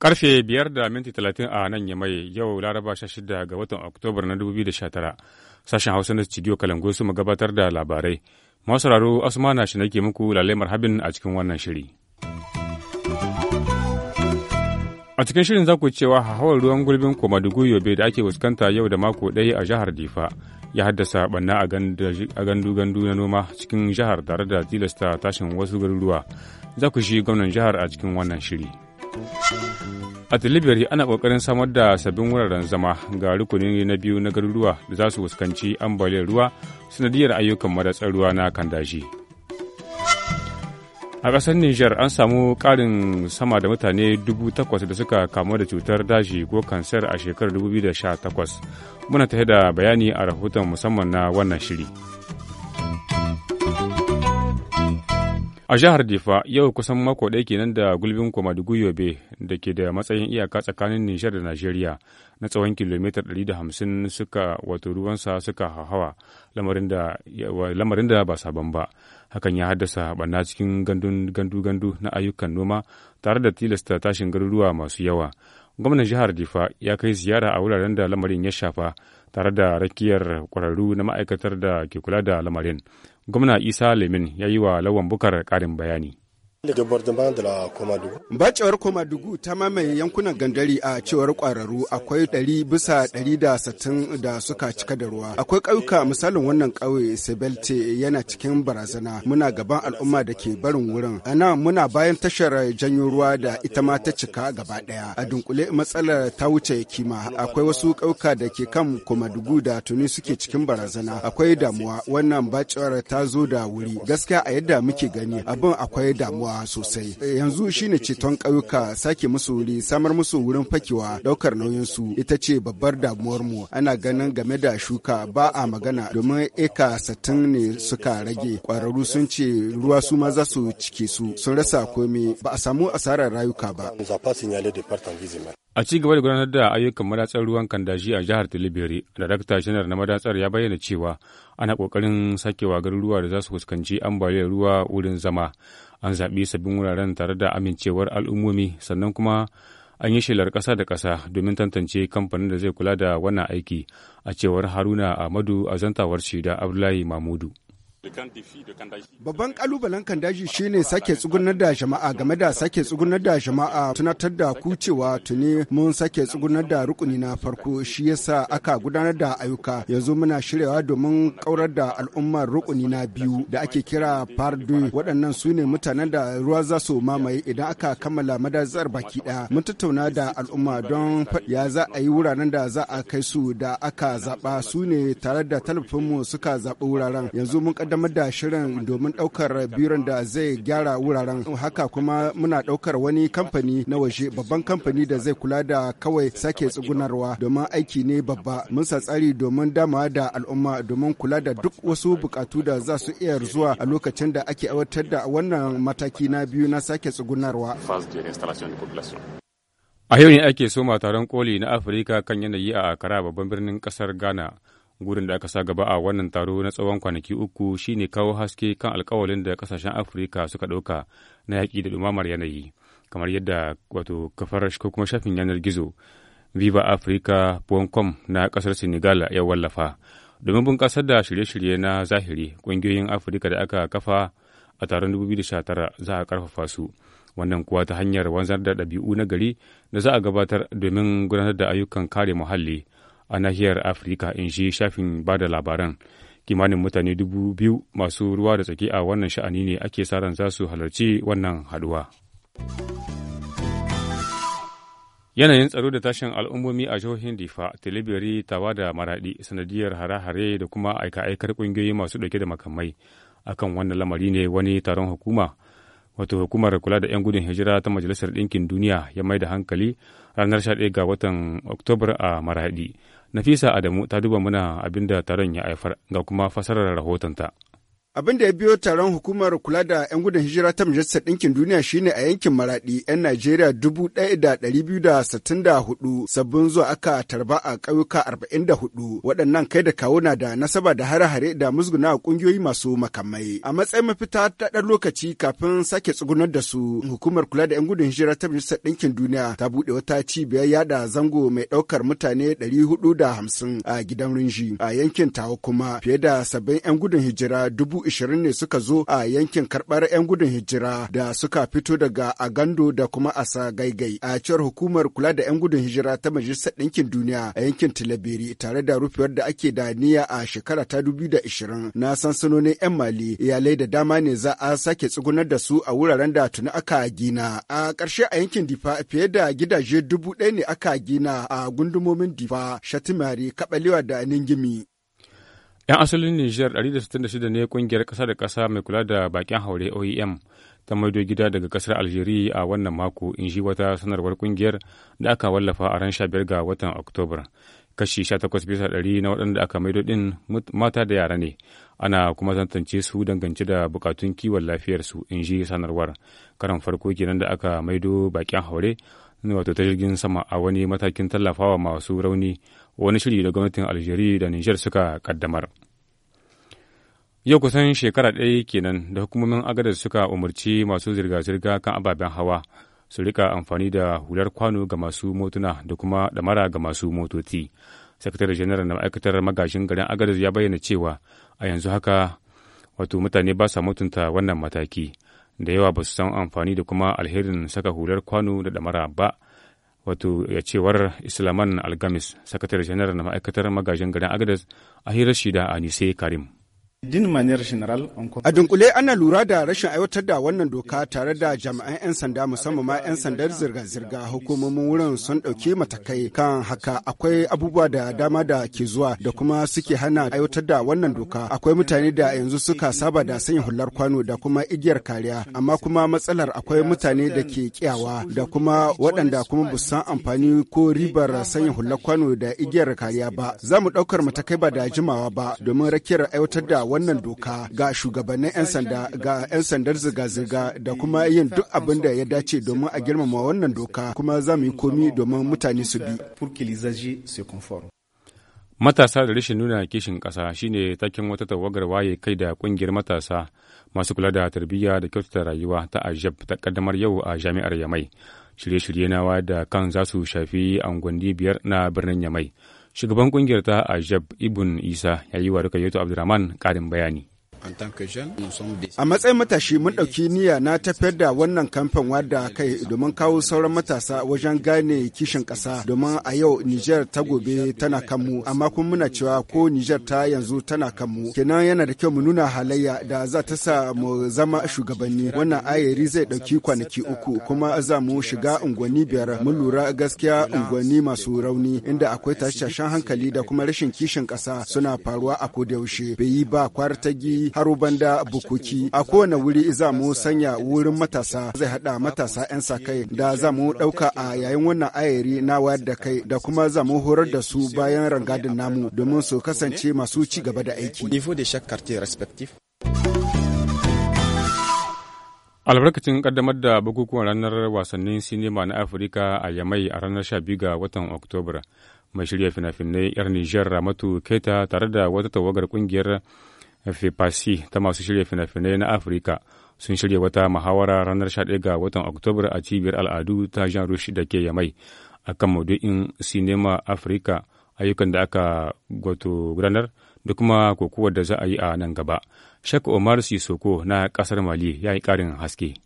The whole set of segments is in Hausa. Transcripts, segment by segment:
Karfe biyar da minti talatin a nan ya mai yau laraba sha ga watan Oktobar na dubu biyu da sha tara. Sashen Hausa na Studio Kalangu su mu gabatar da labarai. Masu raro Asmana shi nake muku lalai marhabin a cikin wannan shiri. A cikin shirin za ku cewa hawar ruwan gulbin Komadugu Yobe da ake fuskanta yau da mako ɗaya a jihar Difa ya haddasa banna a gandu-gandu na noma cikin jihar tare da tilasta tashin wasu garuruwa. Za ku shi gwamnan jihar a cikin wannan shiri. A Tilibiri ana ƙoƙarin samar da sabbin wuraren zama ga rukunin na biyu na garuruwa da za su fuskanci ambaliyar ruwa sanadiyar ayyukan madatsar ruwa na kandashi. A ƙasar Nijar an samu ƙarin sama da mutane dubu takwas da suka kamu da cutar daji ko kansar a shekarar 2018. Muna tafi da bayani a rahoton musamman na wannan shiri. A jihar Difa yau kusan mako ɗaya kenan da gulbin Komadugu Yobe da ke da matsayin iyaka tsakanin Nijar da Najeriya na tsawon kilomita 150 suka wato ruwansa suka hawa lamarin da ba sabon ba. Hakan ya haddasa ɓanna cikin gandu-gandu na ayyukan noma tare da tilasta tashin garuruwa masu yawa. gwamnan jihar difa ya kai ziyara a wuraren da lamarin ya shafa tare da rakiyar kwararru na ma'aikatar da ke kula da lamarin gwamna isa lemin ya yi wa lawan bukar ƙarin bayani Bacewar Komadugu ta mamaye yankunan gandari a cewar kwararru akwai ɗari bisa ɗari da satin da suka cika da ruwa. Akwai ƙauyuka misalin wannan ƙauye Sebelte yana cikin barazana muna gaban al'umma da ke barin wurin. A nan muna bayan tashar janyo ruwa da ita ma ta cika gaba ɗaya. A dunkule matsalar ta wuce kima. Akwai wasu ƙauyuka da ke kan Komadugu da tuni suke cikin barazana. Akwai damuwa wannan bacewar ta zo da wuri. Gaskiya a yadda muke gani abin akwai damuwa. taimakawa sosai yanzu shine ceton ƙauyuka sake musu wuri samar musu wurin fakewa ɗaukar nauyinsu ita ce babbar damuwar mu ana ganin game da shuka ba a magana domin eka satin ne suka rage kwararru sun ce ruwa su ma za su cike su sun rasa komai ba a samu asarar rayuka ba A ci gaba da gudanar da ayyukan madatsar ruwan kandaji a jihar Tilibiri, darakta shanar na madatsar ya bayyana cewa ana ƙoƙarin sakewa garuruwa da za su fuskanci ambaliyar ruwa wurin zama. an zaɓi sabbin wuraren tare da amincewar al'ummomi sannan kuma an yi shelar ƙasa da ƙasa domin tantance kamfanin da zai kula da wannan aiki a cewar haruna ahmadu a zantawar shida abdullahi mamudu Babban kalubalen kan daji shine sake tsugunar da jama'a game da sake tsugunar da jama'a tunatar da ku tuni mun sake tsugunar da rukuni na farko shi yasa aka gudanar da ayyuka yanzu muna shiryawa domin kaurar da al'ummar rukuni na biyu da ake kira fardu waɗannan su ne mutanen da ruwa za su mamaye idan aka kammala madazar baki ɗaya mun tattauna da al'umma don ya za a yi wuraren da za a kai su da aka zaɓa su ne tare da talafinmu suka zaɓi wuraren yanzu mun kaddamar da shirin domin daukar biron da zai gyara wuraren haka kuma muna daukar wani kamfani na waje babban kamfani da zai kula da kawai sake tsugunarwa domin aiki ne babba mun sa tsari domin dama da al'umma domin kula da duk wasu bukatu da za su iya zuwa a lokacin da ake aiwatar da wannan mataki na biyu na sake tsugunarwa. A yau ne ake soma taron koli na Afirka kan yanayi a Akara babban birnin kasar Ghana. Gurin da aka sa gaba a wannan taro na tsawon kwanaki uku shine kawo haske kan alkawalin da kasashen Afirka suka ɗauka na yaƙi da ɗumamar yanayi, kamar yadda wato kafar ko kuma shafin yanar gizo Viva com na ƙasar Senegal ya wallafa. Domin bunƙasar da shirye-shirye na zahiri, ƙungiyoyin Afirka da aka kafa a taron 2019 za a ƙarfafa su. wannan kuwa ta hanyar wanzar da ɗabi'u na gari da za a gabatar domin gudanar da ayyukan kare muhalli a nahiyar afirka in shi shafin ba da labaran kimanin mutane dubu biyu masu ruwa da tsaki a wannan sha'ani ne ake sa ran za su halarci wannan haduwa. Yanayin tsaro da tashin al'ummomi a jihohin Difa, Tilibiri, Tawa da Maradi sanadiyar hare-hare da kuma aika-aikar ƙungiyoyi masu ɗauke da makamai. Akan wannan lamari ne wani taron hukuma, wato hukumar kula da 'yan gudun hijira ta Majalisar Ɗinkin Duniya ya mai da hankali ranar 11 ga watan Oktobar a Maradi. Nafisa Adamu ta duba mana abin da taron ya haifar ga kuma fasarar rahotonta. Abin da ya biyo taron hukumar kula da 'yan gudun hijira ta Majalisar Ɗinkin Duniya shine a yankin Maraɗi 'yan Najeriya 1,264 sabbin zuwa aka tarba a ƙauyuka 44 waɗannan kai da na da nasaba da hare-hare da musguna ƙungiyoyi masu makamai. A matsayin mafita ta ɗan lokaci kafin sake tsugunar da su hukumar kula da 'yan gudun hijira ta Majalisar Ɗinkin Duniya ta buɗe wata cibiyar yada zango mai ɗaukar mutane 450 a gidan Rinji a yankin Tawa kuma fiye da sabbin 'yan gudun hijira dubu ishirin ne suka zo a yankin karɓar 'yan gudun hijira da suka fito daga Agando da kuma Asa Gaigai a cewar hukumar kula da 'yan gudun hijira ta Majalisar Ɗinkin Duniya a yankin tilabiri tare da rufewar da ake da niyya a shekara ta ishirin na sansanonin 'yan Mali iyalai da dama ne za a sake tsugunar da su a wuraren da tuni aka gina. A ƙarshe a yankin Difa fiye da gidaje dubu ɗaya ne aka gina a gundumomin Difa, Shatimari, Kaɓalewa da Ningimi. 'Yan asalin Nijar 166 ne kungiyar ƙasa da kasa mai kula da bakin haure OEM ta maido gida daga kasar Algeria a wannan mako in ji wata sanarwar kungiyar da aka wallafa a ran shabiyar ga watan oktobar Kashi 18 bisa ɗari na waɗanda aka maido ɗin mata da yara ne. Ana kuma tantance su dangance da bukatun kiwon lafiyarsu in ji sanarwar. Karan farko kenan da aka maido bakin haure wato ta jirgin sama a wani matakin tallafawa masu rauni wani shiri da gwamnatin Algeria da Nijar suka kaddamar. Yau kusan shekara ɗaya kenan da hukumomin agadar suka umarci masu zirga-zirga kan ababen hawa su rika amfani da hular kwano ga masu motuna da kuma ɗamara ga masu motoci. Sakatare janar na ma'aikatar magashin garin agadar ya bayyana cewa a yanzu haka wato mutane ba sa mutunta wannan mataki. Da yawa ba su san amfani da kuma alherin saka hular kwano da ɗamara ba. wato ya cewar islaman algamis sakatare janar na ma'aikatar magajin garin agadas a hirar shida a nise karim A dunkule ana lura da rashin aiwatar da wannan doka tare da jami'an 'yan sanda musamman ma 'yan sandar zirga-zirga hukumomin wurin sun ɗauki matakai kan haka akwai abubuwa da dama da ke zuwa da kuma suke hana aiwatar da wannan doka akwai mutane da yanzu suka saba da sanya hular kwano da kuma igiyar kariya amma kuma matsalar akwai mutane da ke kiyawa da kuma waɗanda kuma ba san amfani ko ribar sanya hular kwano da igiyar kariya ba za mu ɗaukar matakai ba da jimawa ba domin rakiyar aiwatar da wannan doka ga shugabannin 'yan sanda ga 'yan sandar zirga-zirga da kuma yin duk abin da ya dace domin a girmama wannan doka kuma za mu yi komi domin mutane su bi. Matasa da rashin nuna kishin ƙasa shine taken wata tawagar waye kai da ƙungiyar matasa masu kula da tarbiyya da kyautata rayuwa ta Ajab ta kaddamar yau a Jami'ar Yamai. Shirye-shirye na da kan za su shafi angwandi biyar na birnin Yamai. Shugaban kungiyar ta Ajab Ibn Isa ya yi wa Rukayyatu Abdurrahman ƙarin bayani. A matsayin matashi mun ɗauki niyya na tafiyar da wannan kamfen wadda kai domin kawo sauran matasa wajen gane kishin ƙasa domin a yau Nijar ta gobe tana kanmu amma kuma muna cewa ko Nijar ta yanzu tana kanmu kenan yana da kyau mu nuna halayya da za ta sa mu zama shugabanni wannan ayari zai ɗauki kwanaki uku kuma za mu shiga unguwanni biyar mun lura gaskiya unguwanni masu rauni inda akwai tashashen hankali da kuma rashin kishin ƙasa suna faruwa a kodayaushe bai yi ba kwartagi har banda bukuki a kowane wuri za mu sanya wurin matasa zai hada matasa 'yan sa kai da za mu dauka a yayin wannan ayari na wayar da kai da kuma za mu horar da su bayan rangadin namu domin su kasance masu ci gaba da aiki. albarkacin kaddamar da bukukuwan ranar wasannin sinima na afirka a yamai a ranar 12 ga watan oktobar mai shirya fina-finai 'yar nijar ramatu keta tare da wata tawagar kungiyar fefasi ta masu shirya fina-finai na afirka sun shirya wata muhawara ranar 11 ga watan oktobar a cibiyar al'adu ta jean rush da ke yamai kan maudu'in sinema afirka ayyukan da aka gwato gudanar da kuma kokowar da za a yi a nan gaba shak omar sisoko na kasar mali ya yi ƙarin haske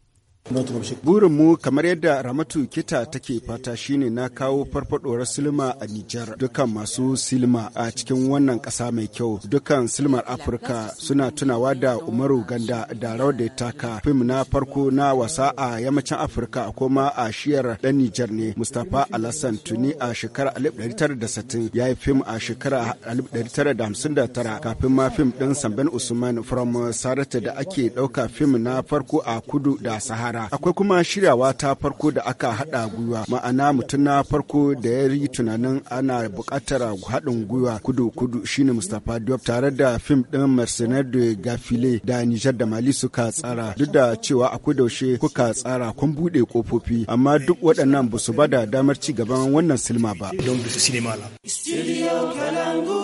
Burinmu kamar yadda Ramatu Kita take fata shine na kawo farfadowar silma a Nijar. Dukan masu silma a cikin wannan ƙasa mai kyau. Dukan silmar Afirka suna tunawa da Umaru Ganda da rawar da ya taka. Fim na farko na wasa a yammacin Afirka koma a shiyar ɗan Nijar ne. Mustapha Alassan tuni a shekarar 1960 ya yi fim a shekarar 1959 kafin ma fim ɗin Samben Usman from Sarata da ake ɗauka fim na farko a kudu da Sahara. yara akwai kuma shiryawa ta farko da aka haɗa gwiwa ma'ana mutum na farko da ya yi tunanin ana buƙatar haɗin gwiwa kudu kudu shine mustapha diop tare da fim ɗin mercenaire de gafile da nijar da mali suka tsara duk da cewa a daushe kuka tsara kun buɗe kofofi amma duk waɗannan ba su bada damar ci gaban wannan silma ba. don Studio Kalangu.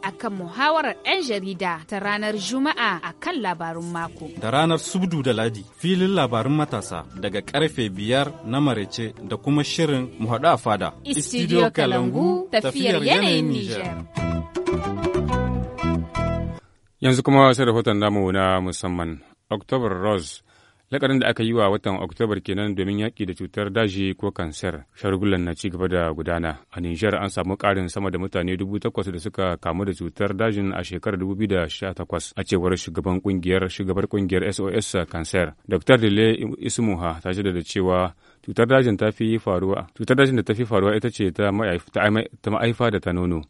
akan muhawarar 'yan jarida ta ranar Juma'a a kan labarun mako. Da ranar Subdu da Ladi filin labarun matasa daga karfe biyar na marece da kuma shirin muhaɗu a fada. Istidiyo Kalangu tafiyar yanayin Nijar. Yanzu kuma sai rahoton namu na musamman. October Rose lakarin da aka yi wa watan oktobar kenan domin yaƙi da cutar daji ko kansar shagulan na ci gaba da gudana a nijar an samu ƙarin sama da mutane dubu takwas da suka kamu da cutar dajin a shekarar dubu biyu da sha takwas a cewar shugaban ƙungiyar shugabar ƙungiyar sos kansar dr dele ismuha ta da cewa cutar dajin ta fi faruwa cutar dajin da ta fi faruwa ita ce ta ma'aifa da ta nono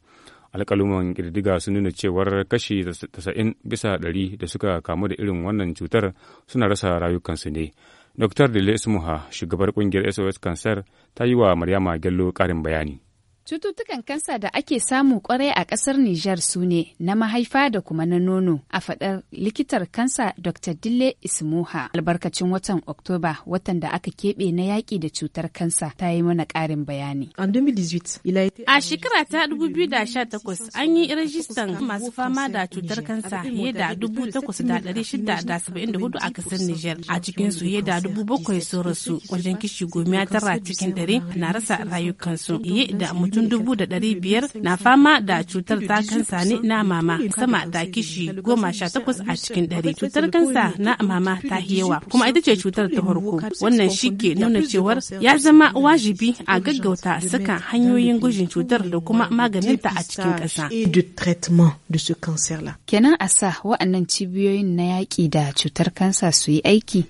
alkaluman ƙididdiga sun nuna cewar kashi 90 bisa 100 da suka kamu da irin wannan cutar suna rasa rayukansu ne. Dr. Dele Ismuha, shugabar ƙungiyar SOS Cancer, ta yi wa Maryama Gello ƙarin bayani. Cututtukan kansa da ake samu kwarai a kasar Nijar su ne na mahaifa da kuma na nono a faɗar likitar kansa Dr. Dille Ismuha albarkacin watan Oktoba watan da aka keɓe na yaƙi da cutar kansa ta yi mana ƙarin bayani. A shekara ta 2018 an yi rajistan masu fama da cutar kansa fiye da 8,674 a kasar Nijar a cikin su fiye da 7,000 sun rasu wajen kishi goma tara cikin dare na rasa rayukansu fiye da mutum mutum dubu da ɗari biyar na fama da cutar ta kansa ne na mama sama da kishi goma sha takwas a cikin ɗari. Cutar kansa na mama ta yawa kuma ita ce cutar ta farko. Wannan shi ke nuna cewar ya zama wajibi a gaggauta saka hanyoyin gujin cutar da kuma maganinta a cikin ƙasa. Kenan a sa wa'annan cibiyoyin na yaƙi da cutar kansa su yi aiki.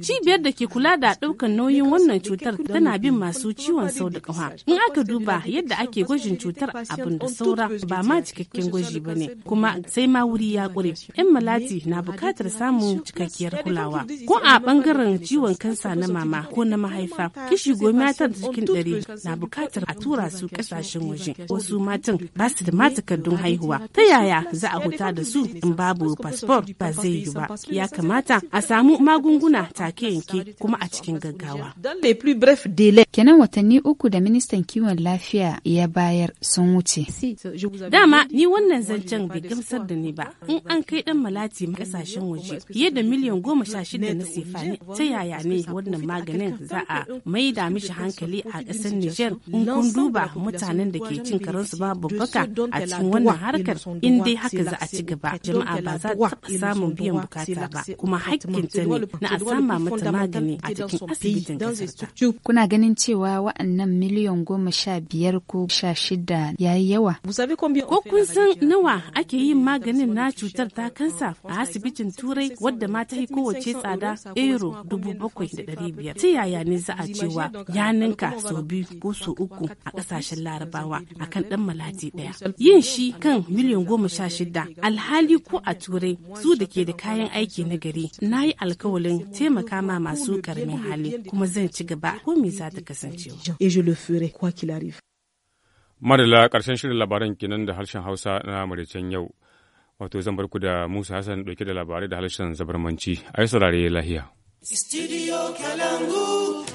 Cibiyar da ke kula da ɗaukar nauyin wannan cutar tana bin masu ciwon sau da in aka duba yadda ake gwajin cutar abin da saura ba ma cikakken gwaji ba ne kuma sai ma wuri ya ƙure yan malati na buƙatar samun cikakkiyar kulawa ko a ɓangaren ciwon kansa na mama ko na mahaifa kishi goma ta cikin ɗari na buƙatar a tura su ƙasashen waje wasu matan ba su da matakardun haihuwa ta yaya za a huta da su in babu fasfor ba zai yi ba ya kamata a samu magunguna take yanke kuma a cikin gaggawa kenan watanni uku da ministan kiwon lafiya ya bayar sun wuce. Dama ni wannan zancen bai gamsar da ni ba. In an kai dan malati kasashen waje fiye da miliyan goma sha shida na sefa ne ta yaya ne wannan maganin za a maida mishi hankali a ƙasar Nijar in kun duba mutanen da ke cin karansu ba babbaka a cikin wannan harkar in dai haka za a ci gaba jama'a ba za ta taɓa samun biyan bukata ba kuma ta ne na a sama mata magani a cikin asibitin ta. Kuna ganin cewa waɗannan miliyan goma sha biyar ko sha shida ya yi yawa. Ko kun san nawa ake yin maganin na cutar ta kansa a asibitin Turai wadda ma ta yi kowace tsada euro dubu bakwai da dari biyar. Ta yaya ne za a cewa ya ninka sau biyu ko sau uku a ƙasashen Larabawa a kan ɗan malati ɗaya. Yin shi kan miliyan goma sha shida alhali ko a Turai su da ke da kayan aiki na gari na yi alkawalin taimaka ma masu karamin hali kuma zan ci gaba ko me za ta kasancewa. ferai kwa Madalla ƙarshen shirin labaran kinan da harshen Hausa na maraicen yau. Wato zan barku da Musa Hassan ɗauke da labarai da harshen zabarmanci. Ai saurare lahiya. Studio Kalangu.